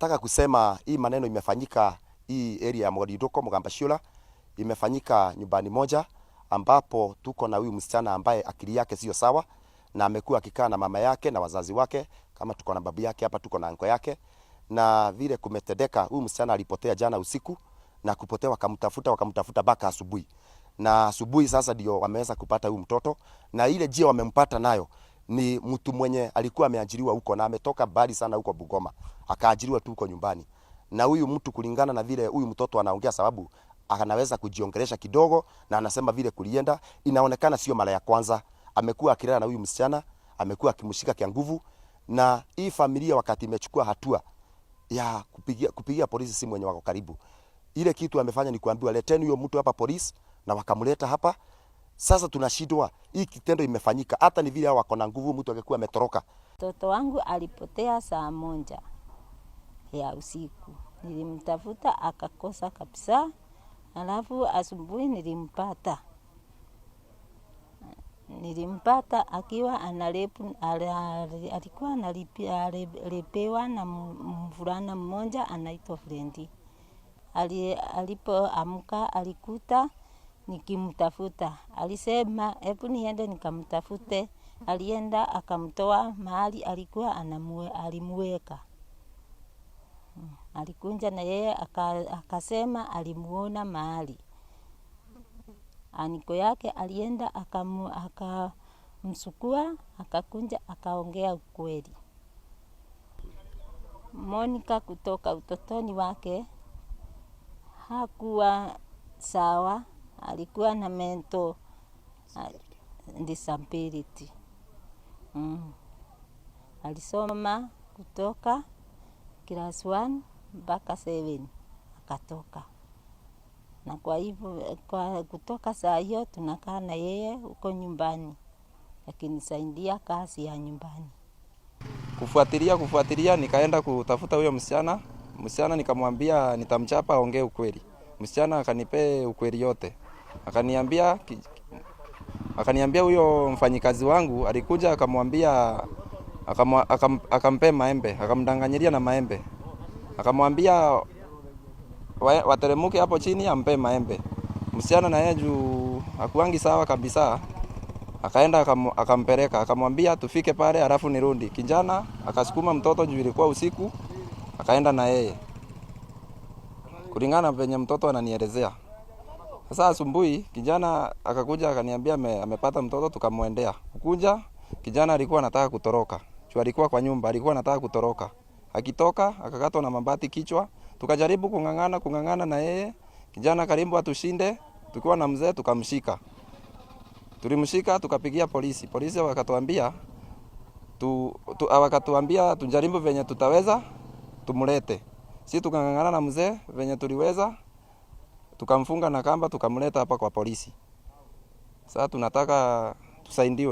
Nataka kusema hii maneno imefanyika hii area ya Mogidoko Mugambashiola, imefanyika nyumbani moja ambapo tuko na huyu msichana ambaye akili yake sio sawa, na amekuwa akikaa na mama yake na wazazi wake, kama tuko na babu yake hapa, tuko na anko yake, na vile kumetendeka, huyu msichana alipotea jana usiku na kupotea, wakamtafuta wakamtafuta baka asubuhi, na asubuhi sasa ndio wameweza kupata huyu mtoto, na ile njia wamempata nayo ni mtu mwenye alikuwa ameajiriwa huko na ametoka mbali sana huko Bugoma, akaajiriwa tu huko nyumbani. Na huyu mtu kulingana na vile huyu mtoto anaongea, sababu anaweza kujiongelesha kidogo, na anasema vile kulienda, inaonekana sio mara ya kwanza amekuwa akilala na huyu msichana, amekuwa akimshika kwa nguvu, na hii familia wakati imechukua hatua ya kupigia, kupigia polisi simu wenye wako karibu, ile kitu amefanya ni kuambiwa leteni huyo mtu hapa polisi, na wakamleta hapa. Sasa tunashindwa, hii kitendo imefanyika, hata ni vile hao wako na nguvu, mtu angekuwa ametoroka. Mtoto wangu alipotea saa moja ya usiku, nilimtafuta akakosa kabisa, alafu asubuhi nilimpata nilimpata akiwa analepu, alikuwa analepewa na mvulana mmoja anaitwa Frendi. Alipoamka alikuta nikimtafuta. Alisema hebu niende nikamtafute. Alienda akamtoa mahali alikuwa anamwe, alimweka hmm, alikunja na yeye akasema alimuona mahali aniko yake, alienda akamsukua akakunja akaongea ukweli. Monica kutoka utotoni wake hakuwa sawa alikuwa na mental disability. Mm. Alisoma kutoka class 1 mpaka 7 akatoka, na kwa hivyo kwa kutoka saa hiyo tunakaa na yeye huko nyumbani, lakini saidia kazi ya nyumbani, kufuatilia kufuatilia. Nikaenda kutafuta huyo msichana msichana, nikamwambia nitamchapa aongee ukweli. Msichana akanipe ukweli yote akaniambia akaniambia huyo mfanyikazi wangu alikuja akamwambia akampea maembe akamdanganyilia na maembe akamwambia wateremuke hapo chini ampee maembe. Msichana na yeye juu akuangi sawa kabisa, akaenda akampeleka akamwambia tufike pale halafu nirudi. Kijana akasukuma mtoto juu ilikuwa usiku, akaenda na yeye kulingana venye mtoto ananielezea. Sasa asubuhi kijana akakuja akaniambia amepata mtoto tukamwendea. kuja. kijana alikuwa anataka kutoroka. Chua alikuwa kwa nyumba, alikuwa anataka kutoroka. Akitoka akakatwa na mabati kichwa. Tukajaribu kung'ang'ana kung'ang'ana na yeye. Kijana karibu atushinde, tukiwa na mzee tukamshika. Tulimshika tukapigia polisi. Polisi wakatuambia tu, tu wakatuambia tujaribu venye tutaweza tumlete. Si tukang'ang'ana na mzee venye tuliweza tukamfunga na kamba, tukamleta hapa kwa polisi. Sasa tunataka tusaidiwe.